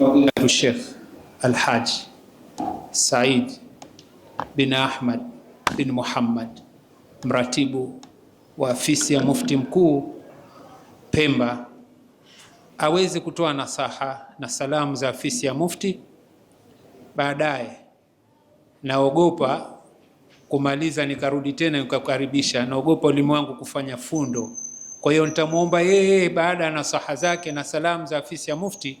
Abu Sheikh Al-Haj Said bin Ahmad bin Muhammad, mratibu wa afisi ya mufti mkuu Pemba, aweze kutoa nasaha na salamu za afisi ya mufti. Baadaye naogopa kumaliza nikarudi tena nikakaribisha, naogopa ulimwangu kufanya fundo. Kwa hiyo nitamwomba yeye baada ya nasaha zake na salamu za afisi ya mufti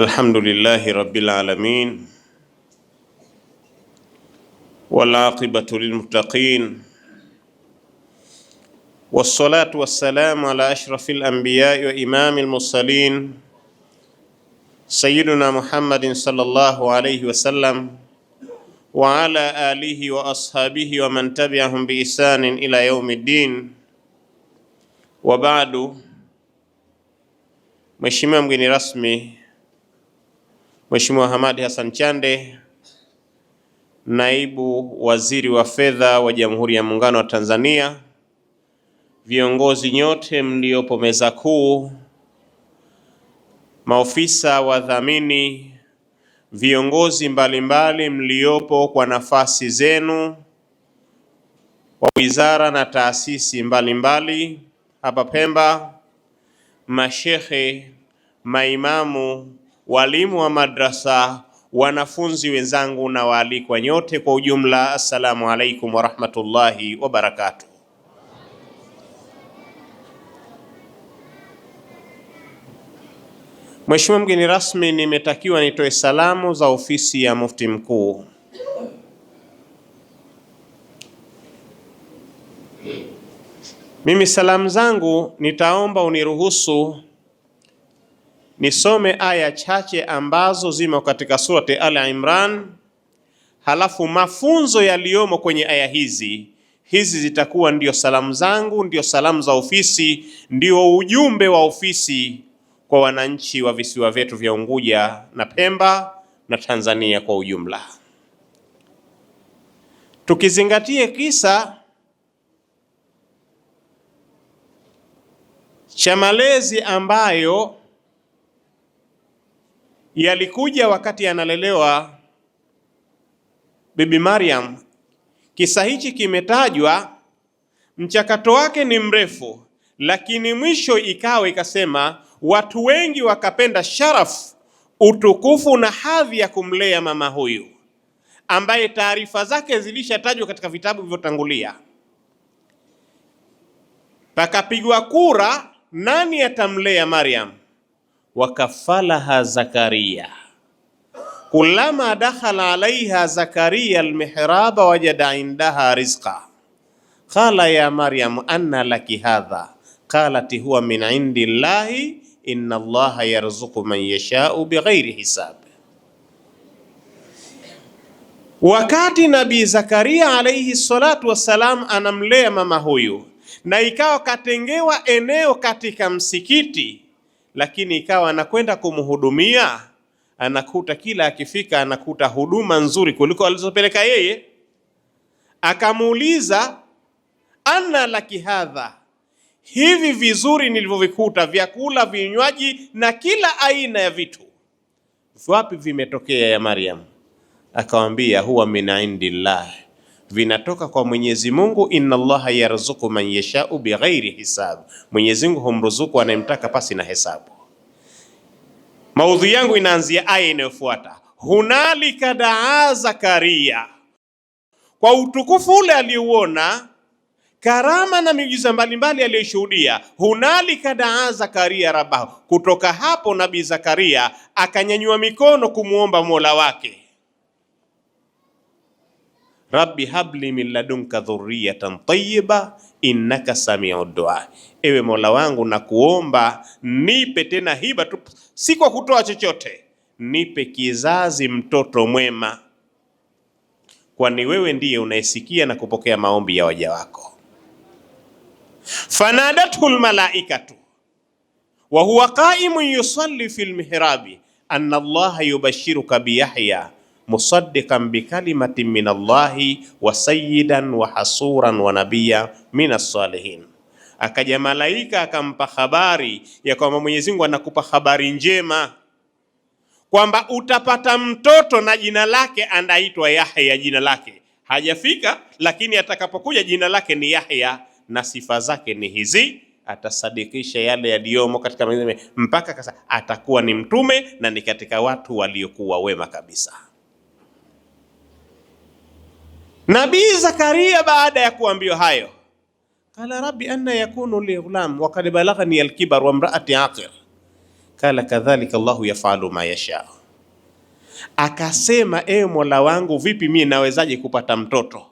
الحمد لله رب العالمين والعاقبة للمتقين والصلاة والسلام على أشرف الأنبياء وإمام المرسلين سيدنا محمد صلى الله عليه وسلم وعلى آله وأصحابه ومن تبعهم بإحسان إلى يوم الدين وبعد مheshimiwa mgeni rasmi Mheshimiwa Hamadi Hassan Chande, Naibu Waziri wa Fedha wa Jamhuri ya Muungano wa Tanzania, viongozi nyote mliopo meza kuu, maofisa wadhamini, viongozi mbalimbali mliopo kwa nafasi zenu wa wizara na taasisi mbalimbali hapa Pemba, mashehe, maimamu walimu wa madrasa, wanafunzi wenzangu na waalikwa nyote kwa ujumla, assalamu alaikum warahmatullahi wabarakatuh. Mheshimiwa mgeni rasmi, nimetakiwa nitoe salamu za ofisi ya mufti mkuu. Mimi salamu zangu nitaomba uniruhusu Nisome aya chache ambazo zimo katika surati Al Imran, halafu mafunzo yaliyomo kwenye aya hizi hizi zitakuwa ndio salamu zangu, ndio salamu za ofisi, ndio ujumbe wa ofisi kwa wananchi wa visiwa vyetu vya Unguja na Pemba na Tanzania kwa ujumla, tukizingatie kisa cha malezi ambayo yalikuja wakati analelewa Bibi Maryam. Kisa hichi kimetajwa, mchakato wake ni mrefu, lakini mwisho ikawa ikasema, watu wengi wakapenda sharafu, utukufu na hadhi ya kumlea mama huyu ambaye taarifa zake zilishatajwa katika vitabu vilivyotangulia. Pakapigwa kura, nani atamlea Maryam? wakafalaha Zakaria kulama dakhala alaiha Zakaria almihraba wajada indaha rizqa qala ya Maryam anna laki hadha qalat huwa min indi llahi inna allaha yarzuqu man yashau bighairi hisab. Wakati nabi Zakaria alaihi salatu wassalam anamlea mama huyu, na ikawa katengewa eneo katika msikiti lakini ikawa anakwenda kumhudumia, anakuta kila akifika anakuta huduma nzuri kuliko alizopeleka yeye. Akamuuliza, anna laki hadha, hivi vizuri nilivyovikuta, vyakula, vinywaji na kila aina ya vitu, wapi vimetokea ya Maryam? Akawambia, huwa min vinatoka kwa Mwenyezi Mungu, inna Allaha yarzuku man yashau bighairi hisab, Mwenyezi Mungu humruzuku anayemtaka pasi na hesabu. Maudhi yangu inaanzia aya inayofuata, hunalika daa Zakaria, kwa utukufu ule aliuona, karama na miujiza mbalimbali aliyoshuhudia. Hunalika daa Zakaria rabahu, kutoka hapo Nabii Zakaria akanyanyua mikono kumwomba mola wake rabbi habli min ladunka dhurriyatan tayyiba innaka samiu dua, ewe Mola wangu na kuomba nipe tena hiba tu, si kwa kutoa chochote, nipe kizazi mtoto mwema, kwani wewe ndiye unayesikia na kupokea maombi ya waja wako. Fanadathu lmalaikatu wa huwa qaimun yusalli fi lmihrabi anna allaha yubashiruka biyahya musaddiqan bikalimatin min Allahi wa sayyidan wa hasuran wa nabiyya min as-salihin. Akaja malaika akampa habari ya kwamba Mwenyezi Mungu anakupa habari njema kwamba utapata mtoto na jina lake anaitwa Yahya, jina lake hajafika, lakini atakapokuja jina lake ni Yahya na sifa zake ni hizi atasadikisha yale yaliyomo katika mpaka kasa atakuwa ni mtume na ni katika watu waliokuwa wema kabisa. Nabii Zakaria baada ya kuambiwa hayo, kala rabbi anna yakunu li ghulam wa qad balaghani alkibar wa imraati aqir, kala kadhalika Allahu yafalu ma yasha. Akasema, ewe Mola wangu, vipi mimi nawezaje kupata mtoto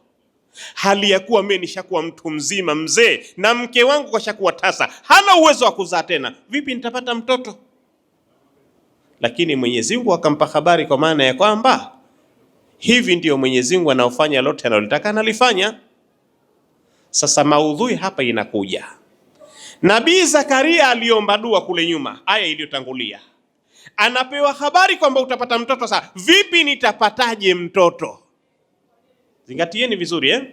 hali ya kuwa mimi nishakuwa mtu mzima mzee, na mke wangu kashakuwa tasa, hana uwezo wa kuzaa tena, vipi nitapata mtoto? Lakini Mwenyezi Mungu akampa habari kwa maana ya kwamba Hivi ndiyo Mwenyezi Mungu anaofanya lote analotaka analifanya. Sasa maudhui hapa inakuja. Nabii Zakaria aliomba dua kule nyuma, aya iliyotangulia, anapewa habari kwamba utapata mtoto. Sasa vipi, nitapataje mtoto? Zingatieni vizuri eh?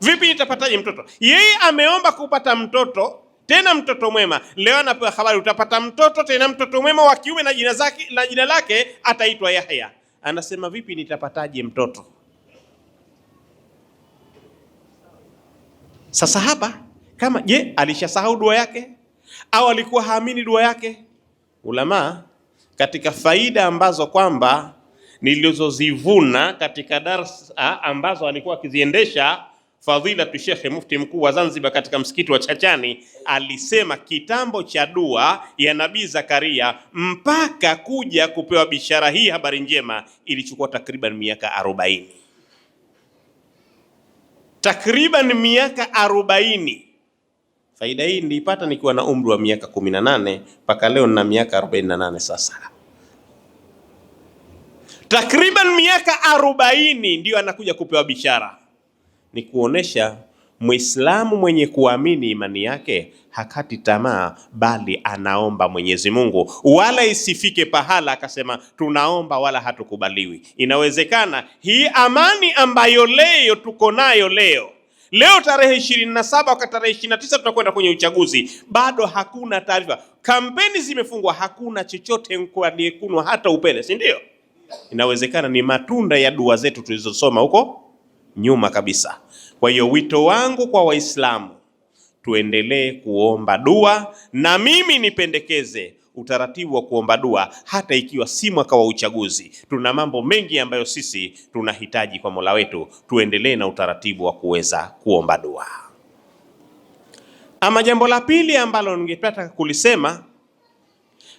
Vipi nitapataje mtoto? Yeye ameomba kupata mtoto, tena mtoto mwema. Leo anapewa habari utapata mtoto, tena mtoto mwema wa kiume, na jina zake na jina lake ataitwa Yahya anasema vipi, nitapataje mtoto? Sasa hapa kama je, alishasahau dua yake au alikuwa haamini dua yake? Ulama katika faida ambazo kwamba nilizozivuna katika darsa ambazo alikuwa akiziendesha Fadhilatu Shekhe Mufti mkuu wa Zanzibar katika msikiti wa Chachani alisema kitambo cha dua ya Nabii Zakaria mpaka kuja kupewa bishara hii habari njema ilichukua takriban miaka arobaini. Takriban miaka arobaini. Faida hii nilipata nikiwa na umri wa miaka 18 mpaka leo nina miaka 48 sasa. Takriban miaka arobaini ndiyo anakuja kupewa bishara ni kuonesha Mwislamu mwenye kuamini imani yake hakati tamaa, bali anaomba Mwenyezi Mungu, wala isifike pahala akasema tunaomba wala hatukubaliwi. Inawezekana hii amani ambayo leo tuko nayo leo leo tarehe ishirini na saba wakati tarehe ishirini na tisa tutakwenda kwenye uchaguzi, bado hakuna taarifa, kampeni zimefungwa, hakuna chochote mko aliyekunwa hata upele, si ndio? Inawezekana ni matunda ya dua zetu tulizosoma huko nyuma kabisa. Kwa hiyo wito wangu kwa Waislamu tuendelee kuomba dua, na mimi nipendekeze utaratibu wa kuomba dua hata ikiwa si mwaka wa uchaguzi. Tuna mambo mengi ambayo sisi tunahitaji kwa Mola wetu, tuendelee na utaratibu wa kuweza kuomba dua. Ama jambo la pili ambalo ningepata kulisema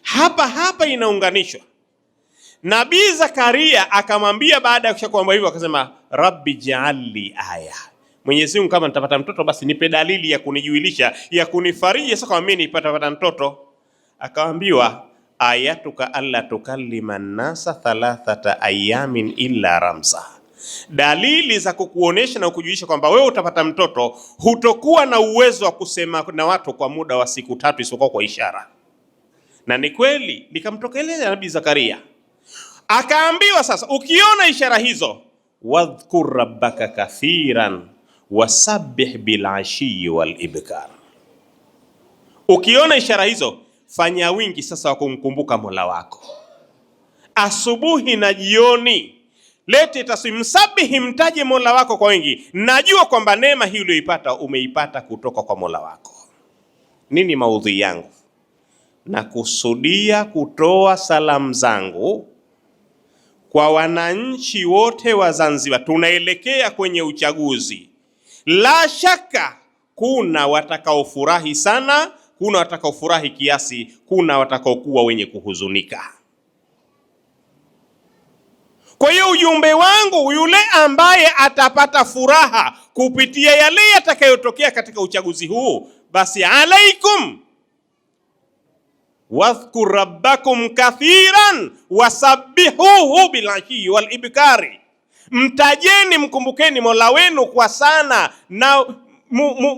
hapa hapa inaunganishwa. Nabii Zakaria akamwambia, baada ya kusha kuomba hivyo, akasema rabbi jaalli aya Mwenyezi Mungu, kama nitapata mtoto basi nipe dalili ya kunijuilisha ya kunifariji sasa kwamba mimi nipatapata mtoto. Akaambiwa ayatuka alla tukallima nasa thalathata ayamin illa ramsa, dalili za kukuonesha na kukujulisha kwamba wewe utapata mtoto, hutokuwa na uwezo wa kusema na watu kwa muda wa siku tatu isipokuwa kwa ishara. Na ni kweli likamtokelea Nabii Zakaria, akaambiwa sasa, ukiona ishara hizo wadhkur rabbaka kathiran wasabih bilashii walibkar. Ukiona ishara hizo fanya wingi sasa wa kumkumbuka Mola wako asubuhi na jioni. Lete tasbihi, msabihi, mtaje Mola wako kwa wingi. Najua kwamba neema hii uliyoipata umeipata kutoka kwa Mola wako. Nini maudhi yangu? Nakusudia kutoa salamu zangu kwa wananchi wote wa Zanzibar. Tunaelekea kwenye uchaguzi. La shaka kuna watakaofurahi sana, kuna watakaofurahi kiasi, kuna watakaokuwa wenye kuhuzunika. Kwa hiyo ujumbe wangu, yule ambaye atapata furaha kupitia yale yatakayotokea katika uchaguzi huu, basi alaikum wadhkur rabbakum kathiran wasabbihuhu bilashiyi walibkari mtajeni, mkumbukeni Mola wenu kwa sana na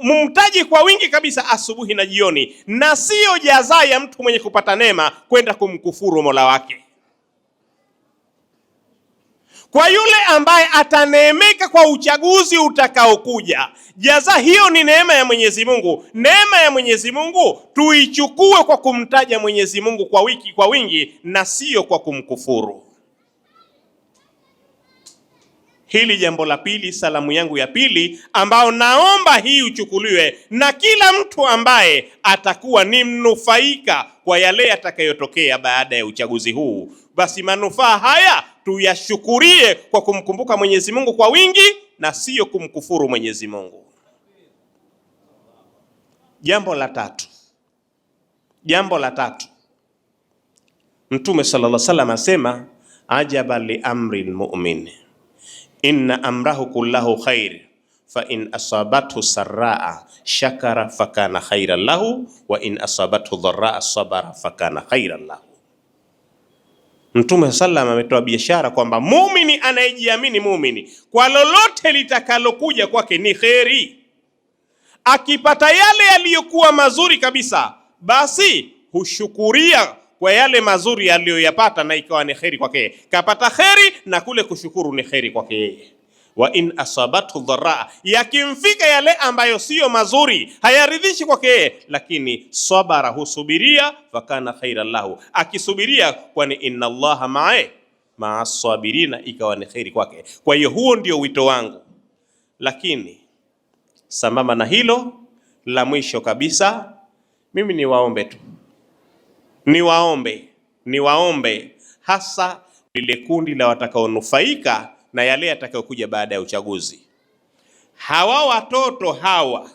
mumtaji kwa wingi kabisa, asubuhi na jioni, na siyo jazaa ya mtu mwenye kupata neema kwenda kumkufuru Mola wake. Kwa yule ambaye ataneemeka kwa uchaguzi utakaokuja, jaza hiyo ni neema ya Mwenyezi Mungu. Neema ya Mwenyezi Mungu tuichukue kwa kumtaja Mwenyezi Mungu kwa wiki, kwa wingi na siyo kwa kumkufuru. Hili jambo la pili, salamu yangu ya pili, ambao naomba hii uchukuliwe na kila mtu ambaye atakuwa ni mnufaika kwa yale yatakayotokea baada ya uchaguzi huu, basi manufaa haya tuyashukurie kwa kumkumbuka Mwenyezi Mungu kwa wingi na siyo kumkufuru Mwenyezi Mungu. Jambo la tatu, jambo la tatu, Mtume sallallahu alaihi wasallam asema ajaba li amri almu'min inna amrahu kullahu khair fa in asabathu sarraa shakara fakana khairan lahu wa in asabathu dharaa sabara fakana khairan lahu. Mtume sallam ametoa biashara kwamba muumini anayejiamini muumini kwa lolote litakalokuja kwake ni kheri, akipata yale yaliyokuwa mazuri kabisa, basi hushukuria kwa yale mazuri aliyoyapata, na ikawa ni kheri kwake yeye, kapata kheri na kule kushukuru ni kheri kwake yeye. Wa in asabathu dharaa, yakimfika yale ambayo siyo mazuri hayaridhishi kwake yeye, lakini sabara, husubiria, fakana khaira lahu, akisubiria, kwani inna allaha mae maa sabirina, ikawa ni kheri kwake. Kwa hiyo huo ndio wito wangu, lakini sambamba na hilo la mwisho kabisa, mimi niwaombe tu Niwaombe, niwaombe hasa lile kundi la watakaonufaika na yale yatakayokuja baada ya uchaguzi. Hawa watoto hawa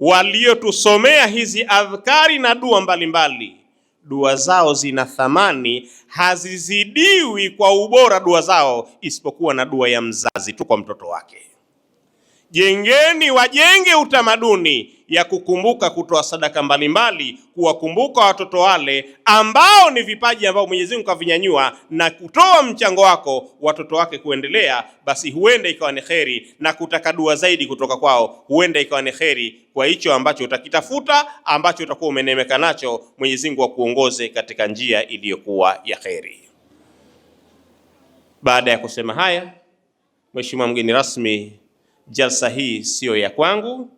waliotusomea hizi adhkari na dua mbalimbali dua zao zina thamani, hazizidiwi kwa ubora dua zao isipokuwa na dua ya mzazi tu kwa mtoto wake. Jengeni, wajenge utamaduni ya kukumbuka kutoa sadaka mbalimbali, kuwakumbuka watoto wale ambao ni vipaji ambao Mwenyezi Mungu kavinyanyua, na kutoa mchango wako watoto wake kuendelea, basi huenda ikawa ni kheri, na kutaka dua zaidi kutoka kwao, huenda ikawa ni kheri kwa hicho ambacho utakitafuta, ambacho utakuwa umenemeka nacho. Mwenyezi Mungu akuongoze katika njia iliyokuwa ya kheri. Baada ya kusema haya, Mheshimiwa mgeni rasmi, jalsa hii siyo ya kwangu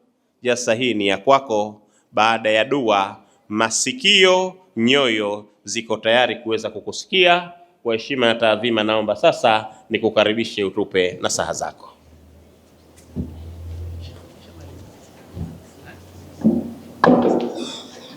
ya sahihi ya kwako. Baada ya dua, masikio nyoyo ziko tayari kuweza kukusikia. Kwa heshima na taadhima, naomba sasa nikukaribishe utupe nasaha zako.